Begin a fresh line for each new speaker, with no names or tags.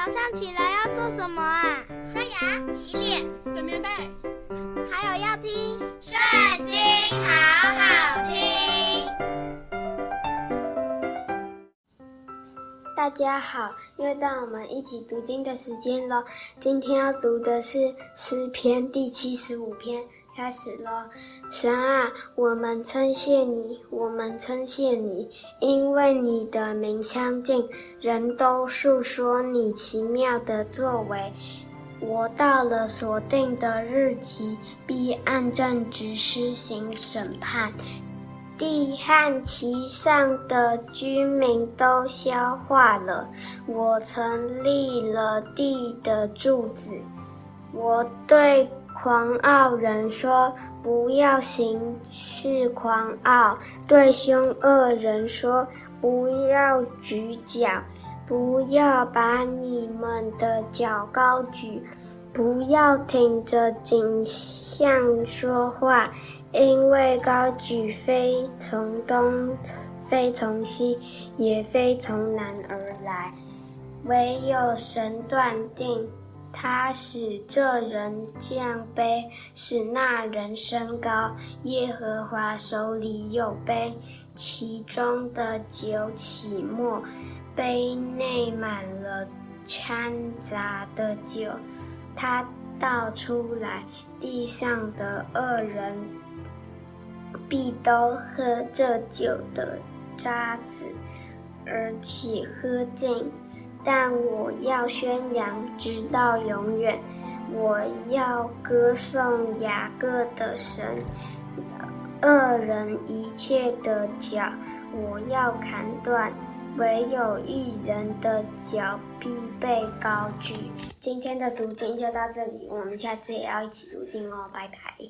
早上起來要做什麼啊？刷牙、洗臉、準備被，還有要聽《聖經》，好好聽。大家好，又到我們一起讀經的時間了。今天要讀的是《詩篇》第七十五篇。開始了，神啊，我們稱謝你，我們稱謝你，因為你的名相近，人都述說你奇妙的作為。我到了所定的日期，必按正直施行審判。地和其上的居民都消化了，我曾立了地的柱子。我對。狂傲人說：“不要行事狂傲。”對凶惡人說：“不要舉角，不要把你們的角高舉，不要挺着頸項說話，因為高舉非從東，非從西，也非從南而來，惟有神斷定。”他使這人降卑，使那人升高。耶和華手裡有杯，其中的酒起沫，杯內滿了摻雜的酒。他倒出來，地上的惡人必都喝這酒的渣滓，而且喝盡。但我要宣揚直到永遠，我要歌頌雅各的神，惡人一切的角，我要砍斷，唯有義人的角必被高舉。今天的讀經就到這裡，我們下次也要一起讀經哦，拜拜。